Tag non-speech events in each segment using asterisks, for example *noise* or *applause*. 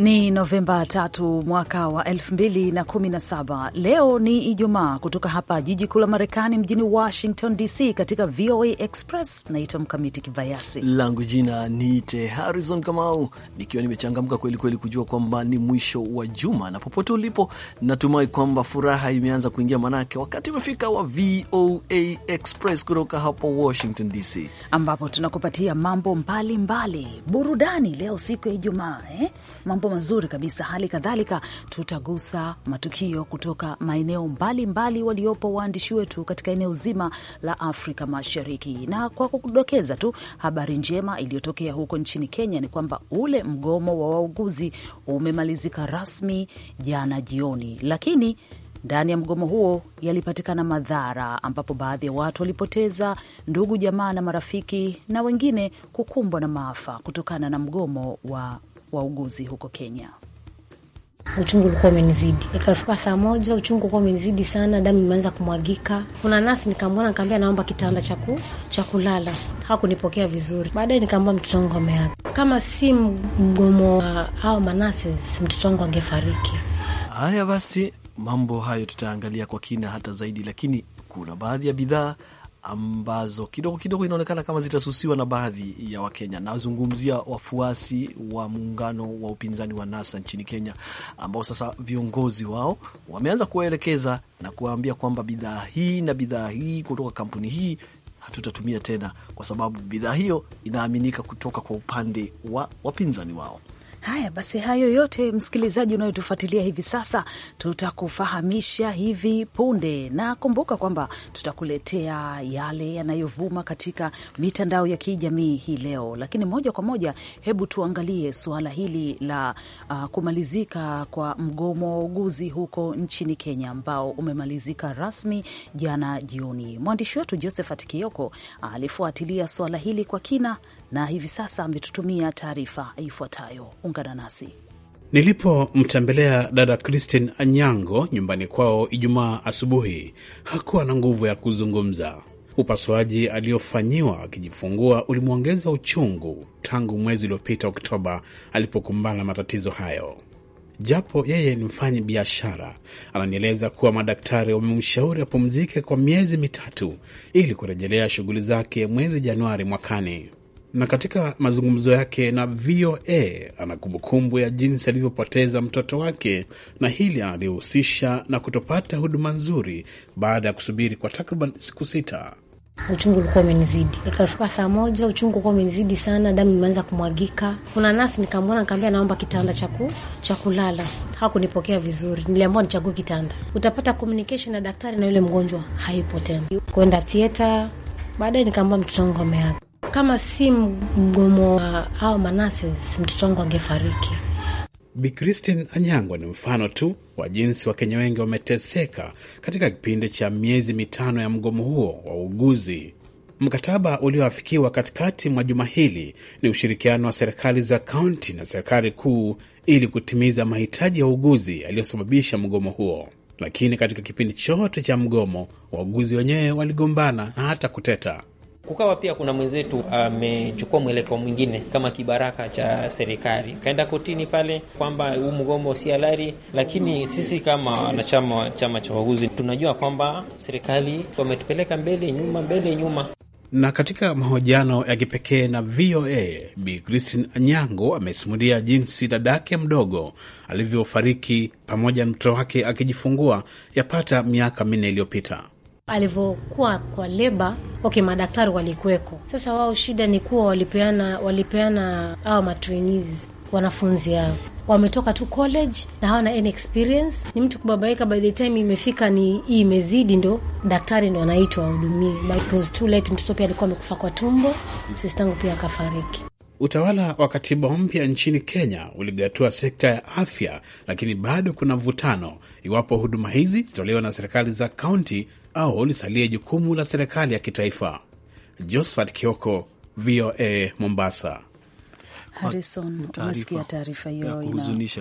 Ni Novemba 3 mwaka wa 2017. Leo ni Ijumaa, kutoka hapa jiji kuu la Marekani, mjini Washington DC, katika VOA Express. Naitwa Mkamiti Kibayasi, langu jina niite Harrison Kamau, nikiwa nimechangamka kwelikweli kujua kwamba ni mwisho wa juma, na popote ulipo, natumai kwamba furaha imeanza kuingia, manake wakati umefika wa VOA Express kutoka hapa Washington DC, ambapo tunakupatia mambo mbalimbali mbali, burudani leo siku ya Ijumaa eh? mambo mazuri kabisa. Hali kadhalika tutagusa matukio kutoka maeneo mbalimbali waliopo waandishi wetu katika eneo zima la Afrika Mashariki, na kwa kudokeza tu habari njema iliyotokea huko nchini Kenya ni kwamba ule mgomo wa wauguzi umemalizika rasmi jana jioni, lakini ndani ya mgomo huo yalipatikana madhara ambapo baadhi ya watu walipoteza ndugu, jamaa na marafiki na wengine kukumbwa na maafa kutokana na mgomo wa wauguzi huko Kenya. Uchungu ulikuwa umenizidi, ikafika saa moja, uchungu ulikuwa umenizidi sana, damu imeanza kumwagika. Kuna nasi nikamwona, nikaambia naomba kitanda cha kulala, hakunipokea vizuri. Baadaye nikaambia mtoto wangu ameaga, kama si mgomo wa au manases, mtoto wangu angefariki. Haya basi, mambo hayo tutaangalia kwa kina hata zaidi, lakini kuna baadhi ya bidhaa ambazo kidogo kidogo inaonekana kama zitasusiwa na baadhi ya Wakenya. Nazungumzia wafuasi wa muungano wa upinzani wa NASA nchini Kenya, ambao sasa viongozi wao wameanza kuwaelekeza na kuwaambia kwamba bidhaa hii na bidhaa hii kutoka kampuni hii hatutatumia tena, kwa sababu bidhaa hiyo inaaminika kutoka kwa upande wa wapinzani wao. Haya basi, hayo yote msikilizaji unayotufuatilia hivi sasa, tutakufahamisha hivi punde, na kumbuka kwamba tutakuletea yale yanayovuma katika mitandao ya kijamii hii leo. Lakini moja kwa moja, hebu tuangalie suala hili la uh, kumalizika kwa mgomo wa uguzi huko nchini Kenya ambao umemalizika rasmi jana jioni. Mwandishi wetu Josephat Kioko alifuatilia suala hili kwa kina na hivi sasa ametutumia taarifa ifuatayo. Ungana nasi. Nilipomtembelea dada Christine Anyango nyumbani kwao Ijumaa asubuhi, hakuwa na nguvu ya kuzungumza. Upasuaji aliyofanyiwa akijifungua ulimwongeza uchungu tangu mwezi uliopita Oktoba alipokumbana na matatizo hayo. Japo yeye ni mfanyi biashara, ananieleza kuwa madaktari wamemshauri apumzike kwa miezi mitatu ili kurejelea shughuli zake mwezi Januari mwakani na katika mazungumzo yake na VOA ana kumbukumbu ya jinsi alivyopoteza mtoto wake na hili analihusisha na kutopata huduma nzuri baada ya kusubiri kwa takriban siku sita. Uchungu ulikuwa umenizidi, ikafika saa moja, uchungu ulikuwa umenizidi sana, damu imeanza kumwagika. Kuna nasi nikamwona, nikaambia naomba kitanda cha kulala. Hakunipokea vizuri, niliambiwa nichague kitanda. Utapata communication na daktari na yule mgonjwa, haipo tena. Kwenda theater, baadaye nikaambia mtoto wangu ameaga kama si mgomo wa au manases, mtoto wangu angefariki. Bi Christine Anyangwa ni mfano tu wa jinsi Wakenya wengi wameteseka katika kipindi cha miezi mitano ya mgomo huo wa uuguzi. Mkataba ulioafikiwa katikati mwa juma hili ni ushirikiano wa serikali za kaunti na serikali kuu ili kutimiza mahitaji ya uuguzi yaliyosababisha mgomo huo. Lakini katika kipindi chote cha mgomo, wauguzi wenyewe waligombana na hata kuteta. Kukawa pia kuna mwenzetu amechukua mwelekeo mwingine kama kibaraka cha serikali, kaenda kotini pale kwamba huu mgomo si halali, lakini sisi kama wanachama wa chama cha wauguzi tunajua kwamba serikali wametupeleka mbele nyuma, mbele nyuma. Na katika mahojiano ya kipekee na VOA, Bi Christine Anyango amesimulia jinsi dadake mdogo alivyofariki pamoja na mtoto wake akijifungua yapata miaka minne iliyopita alivyokuwa kwa leba Okay, madaktari walikuweko. Sasa wao shida ni kuwa walipeana walipeana hawa matrainees wanafunzi hao wametoka tu college na hawana any experience, ni mtu kubabaika. By the time imefika ni hii imezidi, ndo daktari ndo anaitwa ahudumie, but it was too late. Mtoto pia alikuwa amekufa kwa tumbo, msistangu pia akafariki. Utawala wa katiba mpya nchini Kenya uligatua sekta ya afya, lakini bado kuna mvutano iwapo huduma hizi zitolewa na serikali za kaunti au lisalie jukumu la serikali ya kitaifa? Josephat Kioko, VOA Mombasa. Harrison, umesikia taarifa hiyo,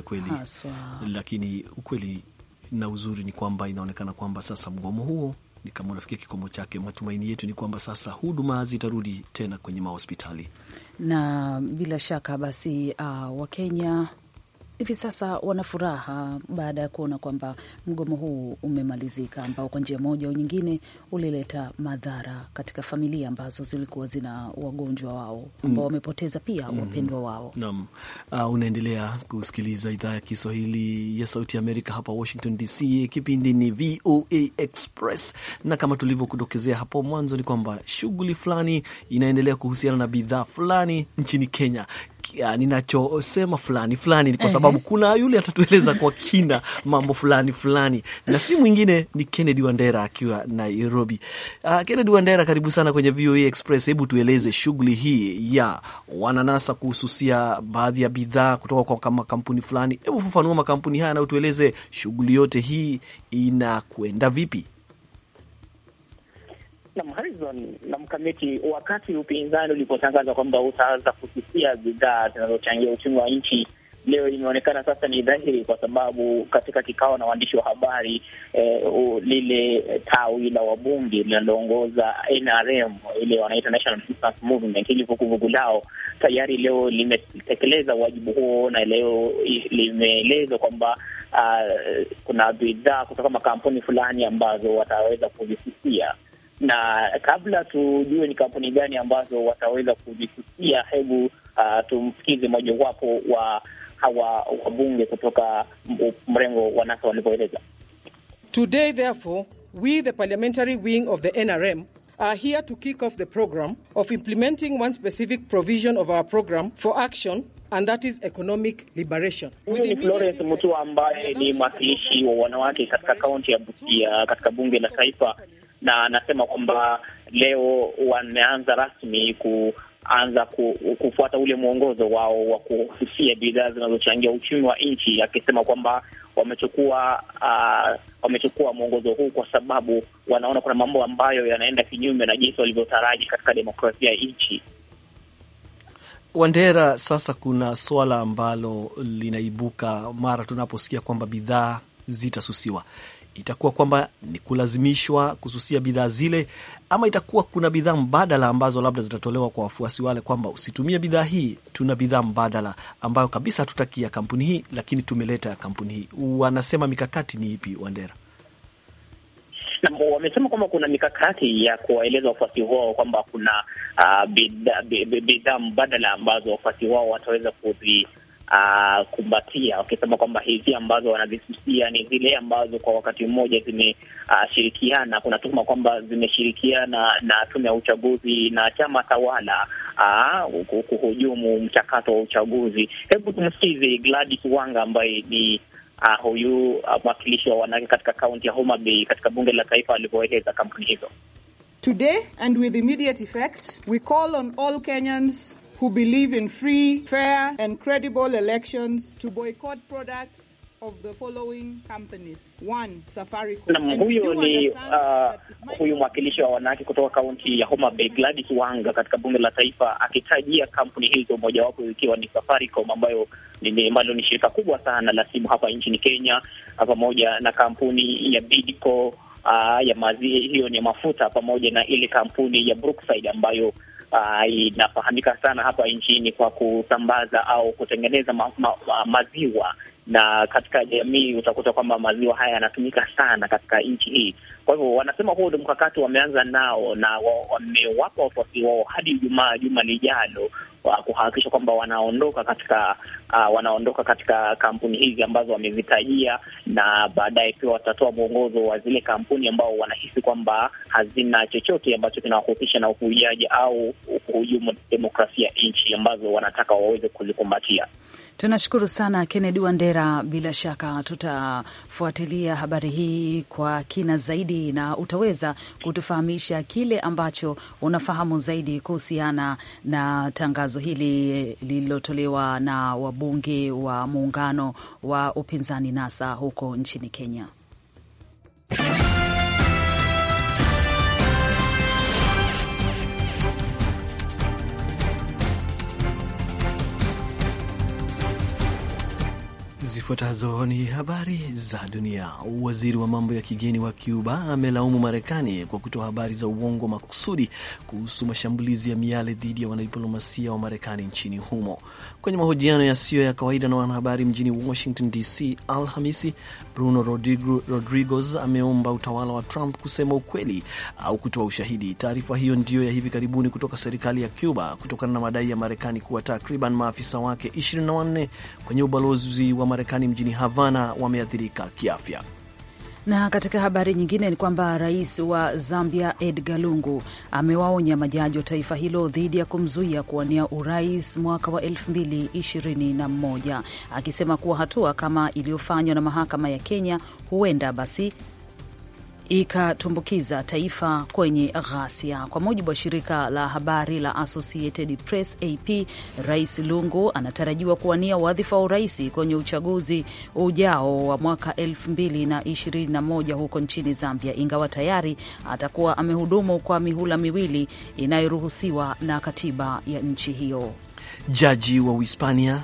kweli haswa. Lakini ukweli na uzuri ni kwamba inaonekana kwamba sasa mgomo huo ni kama unafikia kikomo chake. Matumaini yetu ni kwamba sasa huduma zitarudi tena kwenye mahospitali na bila shaka basi, uh, Wakenya hivi sasa wana furaha baada ya kuona kwamba mgomo huu umemalizika, ambao kwa njia moja au nyingine ulileta madhara katika familia ambazo zilikuwa zina wagonjwa wao ambao mm. wamepoteza pia mm. wapendwa wao. Naam. Uh, unaendelea kusikiliza idhaa ya Kiswahili ya Sauti ya Amerika hapa Washington DC. Kipindi ni VOA Express, na kama tulivyokudokezea hapo mwanzo ni kwamba shughuli fulani inaendelea kuhusiana na bidhaa fulani nchini Kenya ninachosema fulani fulani, ni kwa sababu kuna yule atatueleza kwa kina mambo fulani fulani, na si mwingine ni Kennedy Wandera akiwa Nairobi. Uh, Kennedy Wandera, karibu sana kwenye VOA e Express. Hebu tueleze shughuli hii ya wananasa kuhususia baadhi ya bidhaa kutoka kwa kama kampuni fulani. Hebu fafanua makampuni haya na utueleze shughuli yote hii inakwenda vipi? Nam Harizon na mkamiti, wakati upinzani ulipotangaza kwamba utaanza kususia bidhaa zinazochangia uchumi wa nchi, leo imeonekana sasa ni dhahiri, kwa sababu katika kikao na waandishi wa habari eh, lile tawi la wabunge linaloongoza NRM ile wanaita National Resistance Movement lao tayari leo limetekeleza wajibu huo, na leo limeelezwa kwamba uh, kuna bidhaa kutoka makampuni fulani ambazo wataweza kuzisusia na kabla tujue ni kampuni gani ambazo wataweza kujisusia, hebu uh, tumsikize mojawapo wa hawa wabunge kutoka mrengo wa NASA walivyoeleza. Today therefore we the parliamentary wing of the NRM are here to kick off the program of implementing one specific provision of our program for action and that is economic liberation. Huyu ni Florence Mutua ambaye ni mwakilishi wa wanawake katika kaunti ya Busia katika bunge la taifa na anasema kwamba leo wameanza rasmi kuanza ku, kufuata ule mwongozo wao wa kuhusisia bidhaa zinazochangia uchumi wa nchi, akisema kwamba wamechukua uh, wamechukua mwongozo huu kwa sababu wanaona kuna mambo ambayo yanaenda kinyume na jinsi walivyotaraji katika demokrasia ya nchi. Wandera, sasa kuna swala ambalo linaibuka mara tunaposikia kwamba bidhaa zitasusiwa itakuwa kwamba ni kulazimishwa kususia bidhaa zile, ama itakuwa kuna bidhaa mbadala ambazo labda zitatolewa kwa wafuasi wale, kwamba usitumie bidhaa hii, tuna bidhaa mbadala ambayo kabisa hatutaki ya kampuni hii, lakini tumeleta ya kampuni hii. Wanasema mikakati ni ipi, Wandera? Na wamesema kwamba kuna mikakati ya kuwaeleza wafuasi wao kwamba kuna uh, bidhaa mbadala ambazo wafuasi wao wataweza kuzi uh, kumbatia wakisema kwamba hizi ambazo wanazisusia ni zile ambazo kwa wakati mmoja zimeshirikiana. Uh, kuna tuhuma kwamba zimeshirikiana na tume ya uchaguzi na chama tawala uh, kuhujumu mchakato wa uchaguzi. Hebu tumsikize Gladys Wanga ambaye ni uh, huyu uh, mwakilishi wa wanawake katika kaunti ya Homa Bay katika bunge la taifa alivyoeleza kampuni hizo. Today and with immediate effect we call on all Kenyans who believe in free, fair and credible elections to boycott products Huyu ni uh, huyu mwakilishi wa wanawake kutoka kaunti ya Homa Bay Gladys Wanga katika bunge la taifa akitajia kampuni hizo, mojawapo ikiwa ni Safaricom ambayo ambalo ni shirika kubwa sana la simu hapa nchini Kenya, pamoja na kampuni ya Bidco, uh, ya mazi hiyo ni mafuta, pamoja na ile kampuni ya Brookside ambayo uh, inafahamika sana hapa nchini kwa kusambaza au kutengeneza ma, ma, ma, maziwa na katika jamii utakuta kwamba maziwa haya yanatumika sana katika nchi hii. Kwa hivyo wanasema huo ndio mkakati wameanza nao, na wamewapa wafuasi wao hadi Ijumaa juma lijalo wa kuhakikisha kwamba wanaondoka katika uh, wanaondoka katika kampuni hizi ambazo wamezitajia, na baadaye pia watatoa mwongozo wa zile kampuni ambao wanahisi kwamba hazina chochote ambacho kinawahusisha na uvujaji au kuhujumu demokrasia nchi ambazo wanataka waweze kuzikumbatia. Tunashukuru sana Kennedy Wandera. Bila shaka tutafuatilia habari hii kwa kina zaidi, na utaweza kutufahamisha kile ambacho unafahamu zaidi kuhusiana na tangazo hili lililotolewa na wabunge wa muungano wa upinzani NASA huko nchini Kenya. Zifuatazo ni habari za dunia. Waziri wa mambo ya kigeni wa Cuba amelaumu Marekani kwa kutoa habari za uongo makusudi kuhusu mashambulizi ya miale dhidi ya wanadiplomasia wa Marekani nchini humo. Kwenye mahojiano yasiyo ya kawaida na wanahabari mjini Washington DC Alhamisi, Bruno Rodriguez ameomba utawala wa Trump kusema ukweli au kutoa ushahidi. Taarifa hiyo ndiyo ya hivi karibuni kutoka serikali ya Cuba kutokana na madai ya Marekani kuwa takriban maafisa wake 24 kwenye ubalozi wa Marekani Marekani mjini Havana wameathirika kiafya. Na katika habari nyingine ni kwamba rais wa Zambia Edgar Lungu amewaonya majaji wa taifa hilo dhidi ya kumzuia kuwania urais mwaka wa 2021 akisema kuwa hatua kama iliyofanywa na mahakama ya Kenya huenda basi ikatumbukiza taifa kwenye ghasia. Kwa mujibu wa shirika la habari la Associated Press AP, Rais Lungu anatarajiwa kuwania wadhifa wa urais kwenye uchaguzi ujao wa mwaka 2021 huko nchini Zambia, ingawa tayari atakuwa amehudumu kwa mihula miwili inayoruhusiwa na katiba ya nchi hiyo. Jaji wa Uhispania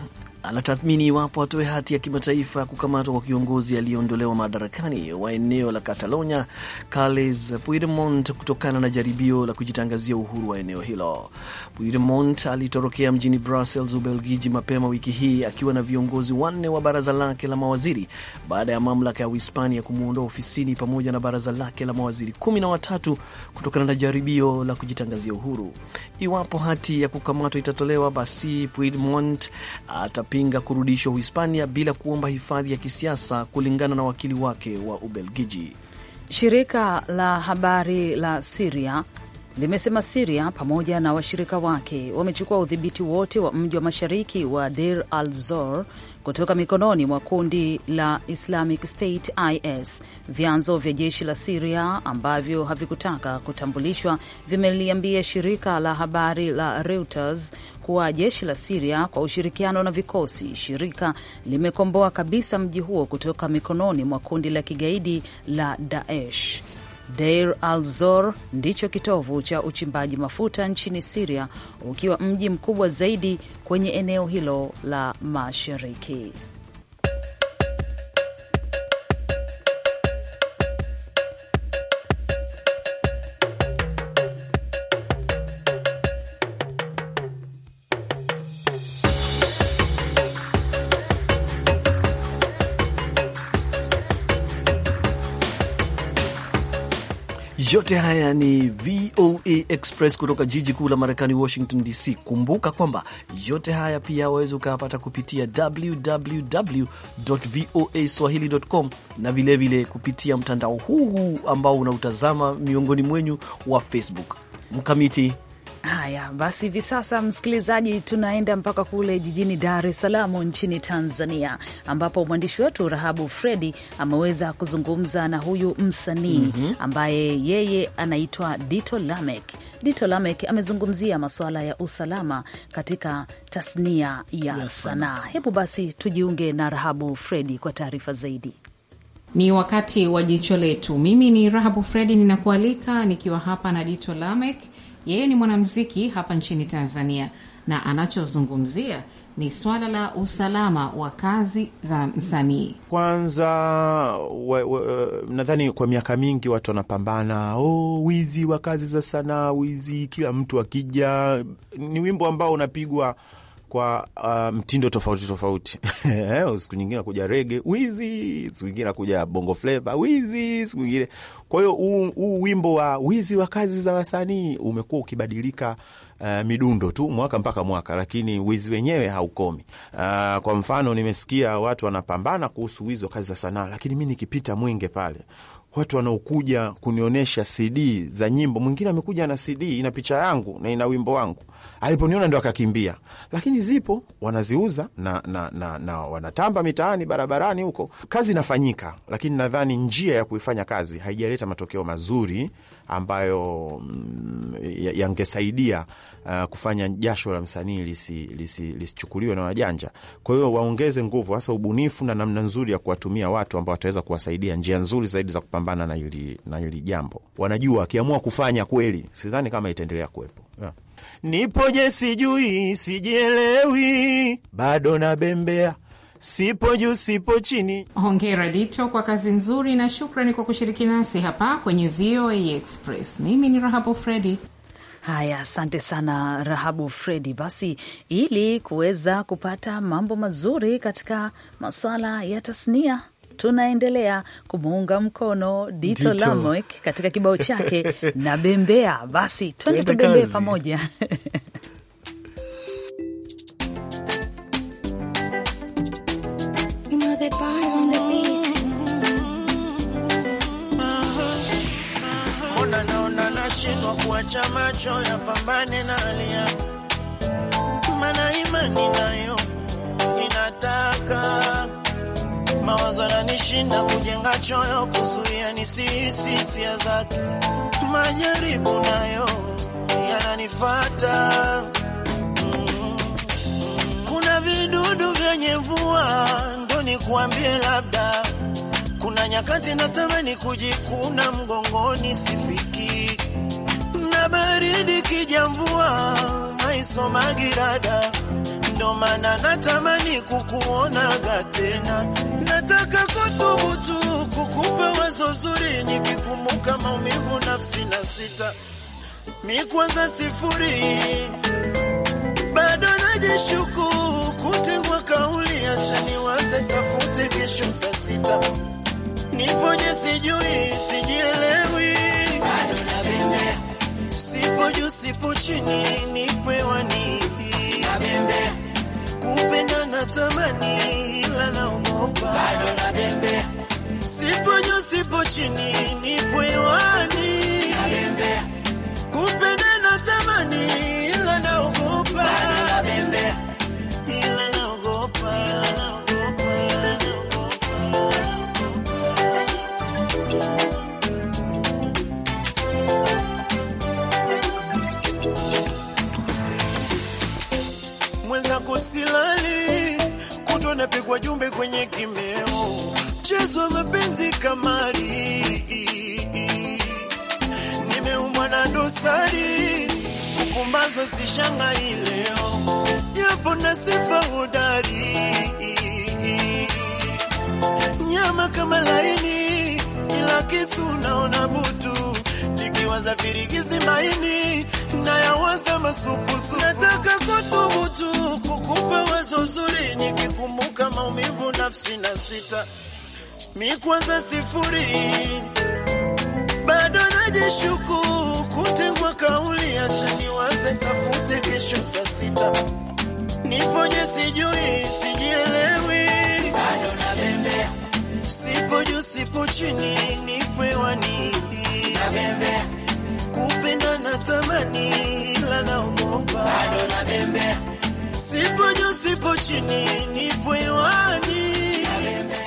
anatathmini iwapo atoe hati ya kimataifa ya kukamatwa kwa kiongozi aliyeondolewa madarakani wa eneo la Catalonia Carles Puigdemont kutokana na jaribio la kujitangazia uhuru wa eneo hilo. Puigdemont alitorokea mjini Brussels, Ubelgiji, mapema wiki hii akiwa na viongozi wanne wa baraza lake la mawaziri baada ya mamlaka ya Uhispania kumwondoa ofisini pamoja na baraza lake la mawaziri kumi na watatu kutokana na jaribio la kujitangazia uhuru. Iwapo hati ya kukamatwa itatolewa, basi Puigdemont atap kupinga kurudishwa Uhispania bila kuomba hifadhi ya kisiasa, kulingana na wakili wake wa Ubelgiji. Shirika la habari la Siria limesema Siria pamoja na washirika wake wamechukua udhibiti wote wa mji wa mashariki wa Deir al-Zor kutoka mikononi mwa kundi la Islamic State IS. Vyanzo vya jeshi la Siria ambavyo havikutaka kutambulishwa vimeliambia shirika la habari la Reuters kuwa jeshi la Siria kwa ushirikiano na vikosi shirika limekomboa kabisa mji huo kutoka mikononi mwa kundi la kigaidi la Daesh. Deir al-Zor ndicho kitovu cha uchimbaji mafuta nchini Siria, ukiwa mji mkubwa zaidi kwenye eneo hilo la mashariki. yote haya ni VOA Express kutoka jiji kuu la Marekani, Washington DC. Kumbuka kwamba yote haya pia waweza ukayapata kupitia www voa swahili.com na vilevile kupitia mtandao huu huu ambao unautazama miongoni mwenyu wa Facebook. Mkamiti Haya basi, hivi sasa msikilizaji, tunaenda mpaka kule jijini Dar es Salaam nchini Tanzania, ambapo mwandishi wetu Rahabu Fredi ameweza kuzungumza na huyu msanii mm -hmm. ambaye yeye anaitwa Dito Lamek. Dito Lamek amezungumzia masuala ya usalama katika tasnia ya yes, sanaa. Hebu basi tujiunge na Rahabu Fredi kwa taarifa zaidi. Ni wakati wa jicho letu. Mimi ni Rahabu Fredi, ninakualika nikiwa hapa na Dito Lamek yeye ni mwanamuziki hapa nchini Tanzania, na anachozungumzia ni swala la usalama wa kazi za msanii. Kwanza eh, nadhani kwa miaka mingi watu wanapambana, oh, wizi wa kazi za sanaa, wizi, kila mtu akija, ni wimbo ambao unapigwa kwa uh, mtindo tofauti tofauti. *laughs* Eh, siku nyingine nakuja rege wizi, siku nyingine nakuja bongo fleva wizi, siku nyingine. Kwa hiyo huu wimbo wa wizi wa kazi za wasanii umekuwa ukibadilika Uh, midundo tu mwaka mpaka mwaka, lakini wizi wenyewe haukomi. Uh, kwa mfano nimesikia watu wanapambana kuhusu wizi wa kazi za sanaa, lakini mi nikipita Mwinge pale watu wanaokuja kunionyesha CD za nyimbo. Mwingine amekuja na CD ina picha yangu na ina wimbo wangu, aliponiona ndo akakimbia, lakini zipo, wanaziuza na, na, na, na wanatamba mitaani, barabarani huko. Kazi inafanyika, lakini nadhani njia ya kuifanya kazi haijaleta matokeo mazuri ambayo mm, yangesaidia uh, kufanya jasho la msanii lisichukuliwe lisi na wajanja. Kwa hiyo waongeze nguvu, hasa ubunifu na namna nzuri ya kuwatumia watu ambao wataweza kuwasaidia njia nzuri zaidi za kupambana na hili, na hili jambo. Wanajua akiamua kufanya kweli, sidhani kama itaendelea kuwepo yeah. Nipoje sijui, sijielewi, bado nabembea sipo juu sipo chini. Hongera Dito kwa kazi nzuri na shukrani kwa kushiriki nasi hapa kwenye VOA Express. Mimi ni Rahabu Fredi. Haya, asante sana Rahabu Fredi. Basi, ili kuweza kupata mambo mazuri katika maswala ya tasnia tunaendelea kumuunga mkono Dito, Dito Lamek katika kibao chake *laughs* na bembea. Basi twende tubembee pamoja *laughs* to Mbona naona nashindwa kuacha macho yapambane na alia, mana imani nayo inataka mawazo yananishinda kujenga choyo kuzuia nisihisi hisia zake, majaribu nayo yananifata, mm-hmm. kuna vidudu vyenye vua nikuambie, labda kuna nyakati natamani kujikuna mgongoni, sifiki na baridi kijamvua maisomagirada rada, ndo maana natamani kukuonaga tena. Nataka kuthubutu kukupa wazo zuri, nikikumbuka maumivu nafsi na sita mi kwanza sifuri bado najishuku kutengwa kauli achaniwazeta kesho saa sita, nipoje sijui, sijielewi, bado na bembea, sipo juu sipo chini, nikwewani na bembea, kupenda na tamani, ila naogopa, bado na bembea, sipo juu sipo chini, nikwewani Magufuli, bado najishuku kutengwa kauli. Acha niwaze, tafute kesho saa sita, nipoje sijui, sijielewi, bado nabembea, sipo juu sipo chini, nikwewani nabembea, kupenda na tamani, ila naogopa, bado nabembea, sipo juu sipo chini, nikwewani nabembea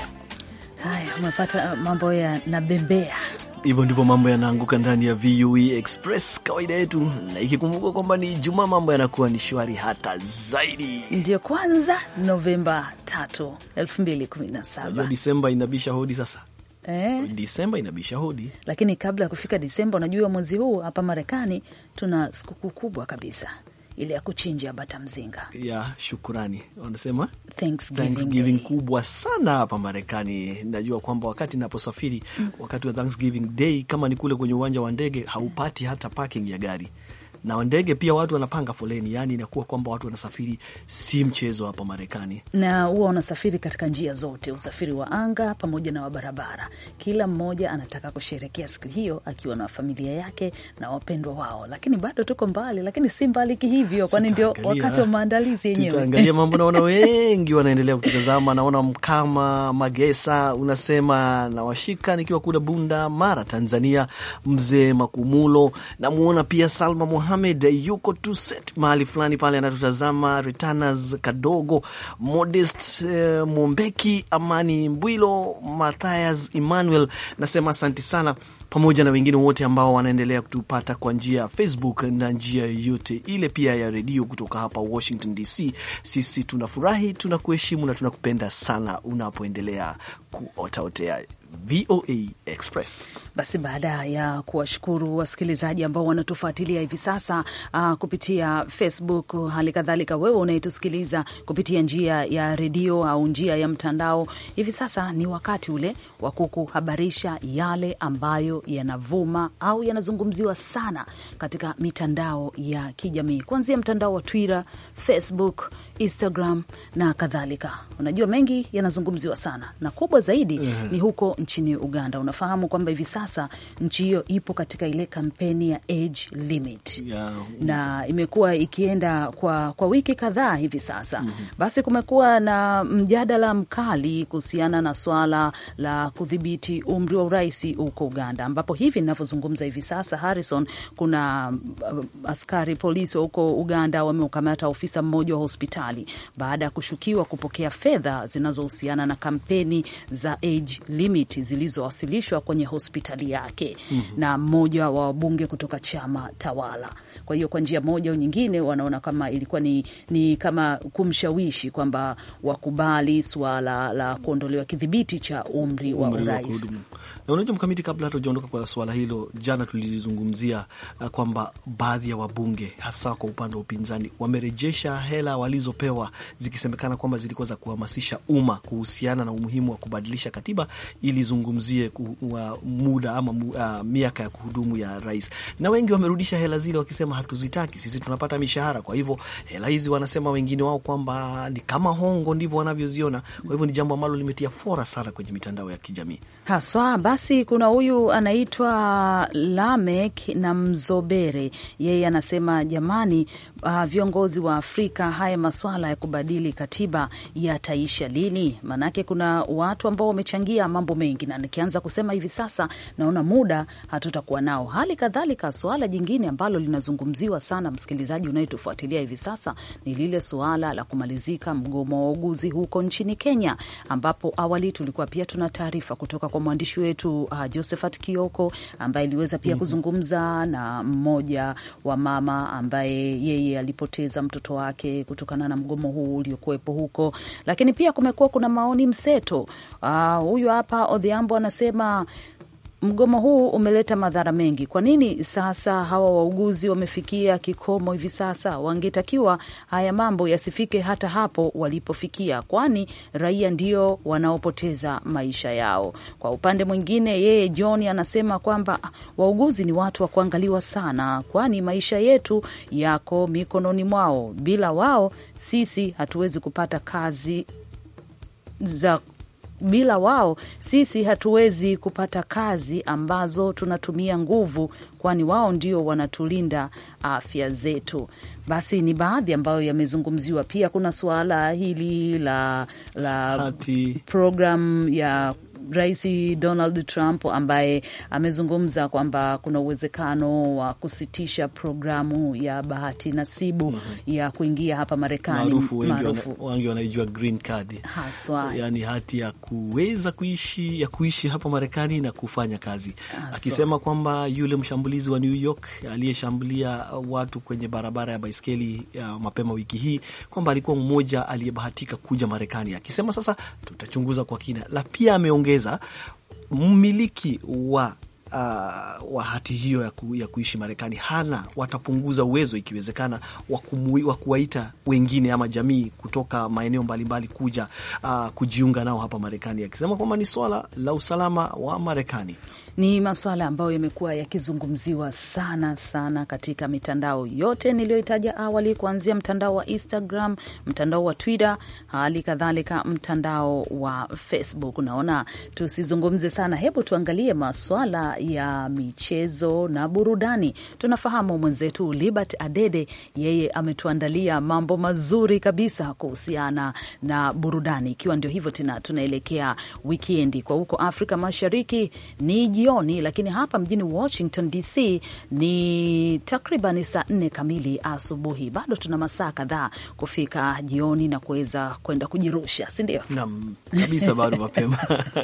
umepata uh, mambo ya nabembea hivyo ndivyo mambo yanaanguka ndani ya VUE Express, kawaida yetu, na ikikumbuka kwamba ni Ijumaa, mambo yanakuwa ni shwari hata zaidi. Ndiyo kwanza Novemba 3, 2017. Disemba inabisha hodi sasa. Eh, Disemba inabisha hodi, lakini kabla ya kufika Disemba, unajua mwezi huu hapa Marekani tuna sikukuu kubwa kabisa ile ya kuchinja bata mzinga ya shukurani, wanasema Thanksgiving, Thanksgiving kubwa sana hapa Marekani. Najua kwamba wakati naposafiri mm. wakati wa Thanksgiving Day, kama ni kule kwenye uwanja wa ndege, haupati hata parking ya gari na ndege pia watu wanapanga foleni, yani inakuwa kwamba watu wanasafiri, si mchezo hapa Marekani, na huwa wanasafiri katika njia zote, usafiri wa anga pamoja na wa barabara. Kila mmoja anataka kusherekea siku hiyo akiwa na familia yake na wapendwa wao, lakini bado tuko mbali, lakini si mbali kihivyo, kwani ndio wakati wa maandalizi yenyewe. Tutaangalia mambo, naona *laughs* wengi wanaendelea kutazama. Naona Mkama Magesa unasema nawashika nikiwa kule Bunda Mara, Tanzania. Mzee Makumulo namwona pia Salma Mohamed Mohamed yuko Tuset mahali fulani pale anatutazama, Retanas Kadogo, Modest uh, eh, Mombeki, Amani Mbwilo, Mathias Emmanuel. Nasema asanti sana pamoja na wengine wote ambao wanaendelea kutupata kwa njia ya Facebook na njia yoyote ile, pia ya redio kutoka hapa Washington DC. Sisi tunafurahi, tunakuheshimu na tunakupenda sana unapoendelea kuotaotea VOA Express. Basi baada ya kuwashukuru wasikilizaji ambao wanatufuatilia hivi sasa uh, kupitia Facebook, hali kadhalika wewe unayetusikiliza kupitia njia ya redio au njia ya mtandao, hivi sasa ni wakati ule wa kukuhabarisha yale ambayo yanavuma au yanazungumziwa sana katika mitandao ya kijamii, kuanzia mtandao wa Twitter, Facebook, Instagram na kadhalika. Unajua mengi yanazungumziwa sana na kubwa zaidi mm -hmm. ni huko nchini Uganda. Unafahamu kwamba hivi sasa nchi hiyo ipo katika ile kampeni ya age limit yeah, na imekuwa ikienda kwa, kwa wiki kadhaa hivi sasa mm -hmm. Basi kumekuwa na mjadala mkali kuhusiana na swala la kudhibiti umri wa urais huko Uganda, ambapo hivi ninavyozungumza hivi sasa Harrison, kuna uh, askari polisi wa huko Uganda wameukamata ofisa mmoja wa hospitali baada ya kushukiwa kupokea fedha zinazohusiana na kampeni za age limit maiti zilizowasilishwa kwenye hospitali yake mm -hmm. na mmoja wa wabunge kutoka chama tawala. Kwa hiyo kwa njia moja au nyingine, wanaona kama ilikuwa ni, ni kama kumshawishi kwamba wakubali suala la kuondolewa kidhibiti cha umri wa urais. Na unajua mkamiti, kabla hata ujaondoka kwa suala hilo, jana tulizungumzia uh, kwamba baadhi ya wabunge hasa kwa upande wa upinzani wamerejesha hela walizopewa zikisemekana kwamba zilikuwa za kuhamasisha umma kuhusiana na umuhimu wa kubadilisha katiba ili lizungumzie muda ama uh, miaka ya kuhudumu ya rais, na wengi wamerudisha hela zile wakisema hatuzitaki sisi, tunapata mishahara. Kwa hivyo hela hizi wanasema wengine wao kwamba ni kama hongo, ndivyo wanavyoziona. Kwa hivyo ni jambo ambalo limetia fora sana kwenye mitandao ya kijamii haswa. Basi kuna huyu anaitwa Lamek na Mzobere, yeye anasema jamani uh, viongozi wa Afrika haya maswala ya kubadili katiba yataisha lini? Maanake kuna watu ambao wamechangia mambo mengi, na nikianza kusema hivi sasa naona muda hatutakuwa nao. Hali kadhalika suala jingine ambalo linazungumziwa sana, msikilizaji unayetufuatilia hivi sasa, ni lile suala la kumalizika mgomo wa uguzi huko nchini Kenya, ambapo awali tulikuwa pia tuna taarifa kutoka kwa mwandishi wetu uh, Josephat Kioko ambaye aliweza pia mhm. kuzungumza na mmoja wa mama ambaye yeye ndiye alipoteza mtoto wake kutokana na mgomo huu uliokuwepo huko. Lakini pia kumekuwa kuna maoni mseto. Ah, huyu hapa Odhiambo anasema mgomo huu umeleta madhara mengi. Kwa nini sasa hawa wauguzi wamefikia kikomo hivi sasa? Wangetakiwa haya mambo yasifike hata hapo walipofikia, kwani raia ndio wanaopoteza maisha yao. Kwa upande mwingine, yeye John anasema kwamba wauguzi ni watu wa kuangaliwa sana, kwani maisha yetu yako mikononi mwao. Bila wao sisi hatuwezi kupata kazi za bila wao sisi hatuwezi kupata kazi ambazo tunatumia nguvu, kwani wao ndio wanatulinda afya zetu. Basi ni baadhi ambayo yamezungumziwa. Pia kuna suala hili la, la program ya Rais Donald Trump ambaye amezungumza kwamba kuna uwezekano wa kusitisha programu ya bahati nasibu mm -hmm. ya kuingia hapa Marekani, wengi wanaijua green card haswa, yani hati ya kuweza kuishi ya kuishi hapa Marekani na kufanya kazi haswa. Akisema kwamba yule mshambulizi wa New York aliyeshambulia watu kwenye barabara ya baiskeli ya mapema wiki hii kwamba alikuwa mmoja aliyebahatika kuja Marekani, akisema sasa tutachunguza kwa kina la pia ameongeza Uingereza, mmiliki wa Uh, wa hati hiyo ya, ku, ya kuishi Marekani hana, watapunguza uwezo ikiwezekana wa kuwaita wengine ama jamii kutoka maeneo mbalimbali kuja uh, kujiunga nao hapa Marekani, akisema kwamba ni swala la usalama wa Marekani. Ni maswala ambayo yamekuwa yakizungumziwa sana sana katika mitandao yote niliyoitaja awali, kuanzia mtandao wa Instagram, mtandao wa Twitter, hali kadhalika mtandao wa Facebook. Naona tusizungumze sana, hebu tuangalie maswala ya michezo na burudani. Tunafahamu mwenzetu Libert Adede, yeye ametuandalia mambo mazuri kabisa kuhusiana na burudani, ikiwa ndio hivyo tena tunaelekea wikendi kwa huko Afrika Mashariki ni jioni, lakini hapa mjini Washington DC ni takriban saa nne kamili asubuhi. Bado tuna masaa kadhaa kufika jioni na kuweza kwenda kujirusha, sindio? Naam, kabisa, bado mapema.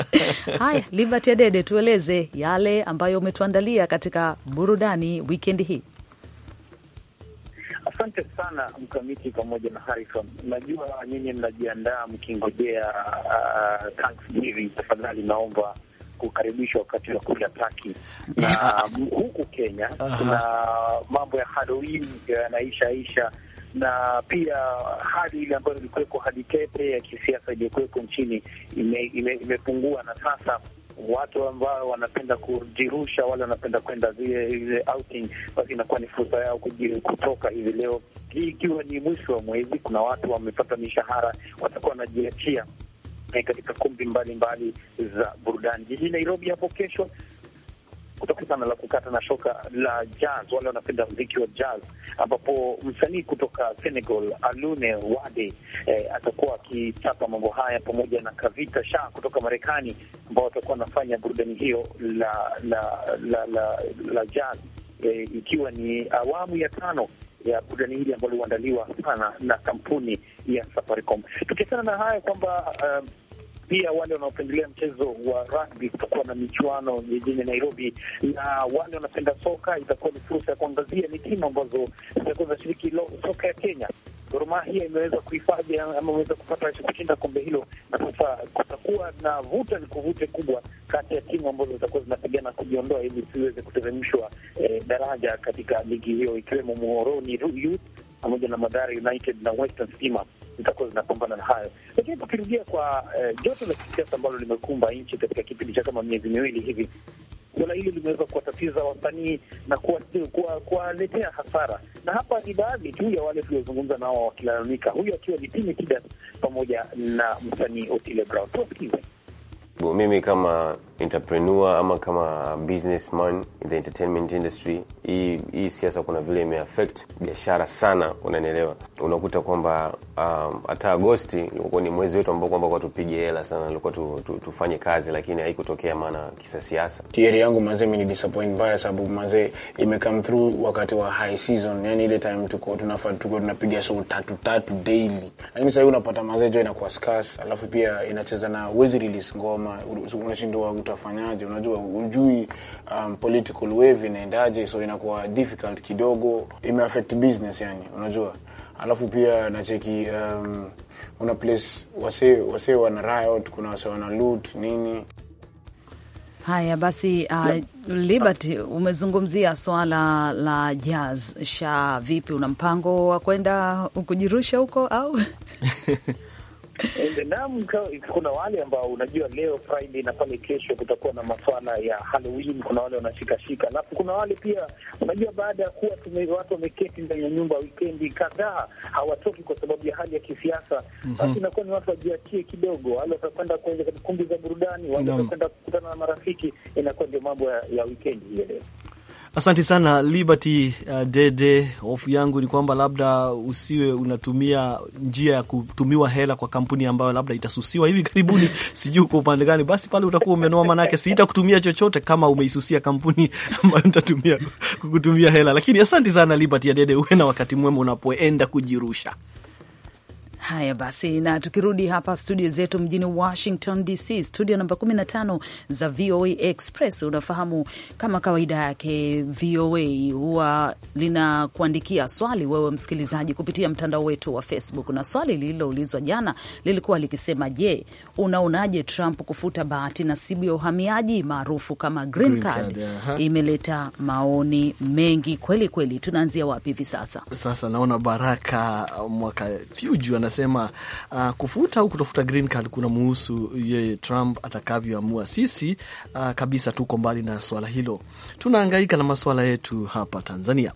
*laughs* Haya, Liberty Adede, tueleze yale ambayo umetuandalia katika burudani wikendi hii. Asante sana Mkamiti pamoja na Harison. Najua nyinyi mnajiandaa mkingojea uh, Thanksgiving. Tafadhali naomba kukaribishwa wakati wa kula taki *laughs* na um, huku Kenya kuna mambo ya Halloween yanaisha isha na pia hali ile ambayo ilikuweko hali tete ya kisiasa iliyokuweko nchini imepungua ime, ime na sasa watu ambao wanapenda kujirusha wale wanapenda kwenda zile zile outing, basi inakuwa ni fursa yao kutoka hivi leo. Hii ikiwa ni mwisho wa mwezi, kuna watu wamepata mishahara, watakuwa wanajiachia katika kumbi mbalimbali za burudani jijini Nairobi hapo kesho kutoka sana la kukata na shoka la jazz, wale wanapenda mziki wa jazz, ambapo msanii kutoka Senegal Alune Wade eh, atakuwa akichapa mambo haya pamoja na Kavita Shah kutoka Marekani, ambao watakuwa wanafanya burudani hiyo la la la, la, la jazz eh, ikiwa ni awamu ya tano ya burudani hili ambalo huandaliwa sana na kampuni ya Safaricom. Tukiachana na haya kwamba uh, pia wale wanaopendelea mchezo wa rugby, kutokuwa na michuano jijini Nairobi, na wale wanapenda soka itakuwa ni fursa ya kuangazia ni timu ambazo zitakuwa zinashiriki soka ya Kenya. Gor Mahia imeweza kuhifadhi ama imeweza kupata kushinda kombe hilo, na sasa kutakuwa na vuta ni kuvute kubwa kati ya timu ambazo zitakuwa zinapigana kujiondoa ili siweze kuteremshwa eh, daraja katika ligi hiyo, ikiwemo Muhoroni Youth pamoja na Madhari United na Western Stima zitakuwa zinapambana na hayo. Lakini tukirudia kwa eh, joto la kisiasa ambalo limekumba nchi katika kipindi cha kama miezi miwili hivi, suala hili limeweza kuwatatiza wasanii na kuwaletea hasara, na hapa ni baadhi tu ya wale tuliozungumza nao wakilalamika, huyo akiwa ni Timi Tidas pamoja na msanii Otile Brown. Tuwasikize. Mimi kama entrepreneur ama kama businessman in the entertainment industry, hii hii siasa kuna vile imeaffect biashara sana, unanielewa. Unakuta kwamba um, hata um, Agosti ilikuwa ni mwezi wetu ambao kwamba kwa tupige hela sana, ilikuwa tu, tu, tufanye kazi, lakini haikutokea maana kisa siasa. Tiari yangu mazee ni disappoint baya, sababu mazee ime come through wakati wa high season, yani ile time tuko tunafaa tuko tunapiga show tatu tatu daily, lakini sasa hivi unapata mazee jo inakuwa scarce, alafu pia inacheza na uwezi release ngoma kama unashindwa utafanyaje, unajua ujui um, political wave inaendaje, so inakuwa difficult kidogo, imeaffect business yani, unajua alafu pia nacheki um, una place wase wase wana riot, kuna wase wana loot nini Haya basi, uh, Liberty, umezungumzia swala la jazz sha. Vipi, una mpango wa kwenda kujirusha huko au? *laughs* Naam, kuna wale ambao unajua leo Friday na pale kesho kutakuwa na maswala ya Halloween. Kuna wale wanashikashika, alafu kuna wale pia, unajua baada ya kuwa watu wameketi ndani ya nyumba wikendi kadhaa hawatoki kwa sababu ya hali ya kisiasa, mhm. basi inakuwa ni watu wajiachie kidogo, wale watakwenda kuweza kumbi za burudani, wale watakwenda kukutana na marafiki. Inakuwa ndio mambo ya wikendi hiyo leo. Asante sana Liberty uh, Dede. Hofu yangu ni kwamba labda usiwe unatumia njia ya kutumiwa hela kwa kampuni ambayo labda itasusiwa hivi karibuni, *laughs* sijui kwa upande gani. Basi pale utakuwa umenoa, manake siita kutumia chochote kama umeisusia kampuni *laughs* ambayo nitatumia kukutumia hela. Lakini asante sana Liberty Dede, uwe na wakati mwema unapoenda kujirusha. Haya basi, na tukirudi hapa studio zetu mjini Washington DC, studio namba 15 za VOA Express. Unafahamu kama kawaida yake, VOA huwa linakuandikia swali wewe msikilizaji kupitia mtandao wetu wa Facebook, na swali lililoulizwa jana lilikuwa likisema, je, unaonaje Trump kufuta bahati nasibu ya uhamiaji maarufu kama green card? Green card, Imeleta maoni mengi kweli kweli. Tunaanzia wapi hivi sasa? Sasa naona Baraka mwaka ana anasema uh, kufuta au kutafuta green card kuna muhusu yeye Trump atakavyoamua. Sisi uh, kabisa tuko mbali na swala hilo, tunaangaika na masuala yetu hapa Tanzania.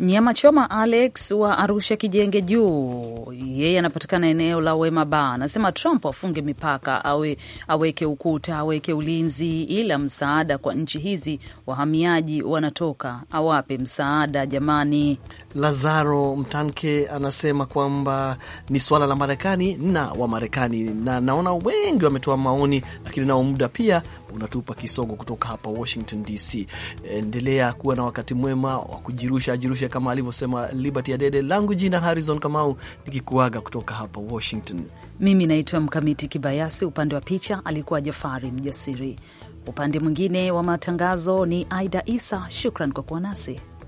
Nyama choma Alex wa Arusha Kijenge Juu, yeye anapatikana eneo la Wema Ba, anasema Trump afunge mipaka, awe aweke ukuta, aweke ulinzi, ila msaada kwa nchi hizi wahamiaji wanatoka awape msaada jamani. Lazaro Mtanke anasema kwamba ni swala la Marekani na Wamarekani, na naona wengi wametoa maoni, lakini nao muda pia unatupa kisogo kutoka hapa Washington DC. Endelea kuwa na wakati mwema wa kujirusha ajirushe kama alivyosema Liberty Adede. Langu jina Harrison Kamau, nikikuaga kutoka hapa Washington. Mimi naitwa Mkamiti Kibayasi. Upande wa picha alikuwa Jafari Mjasiri, upande mwingine wa matangazo ni Aida Isa. Shukran kwa kuwa nasi.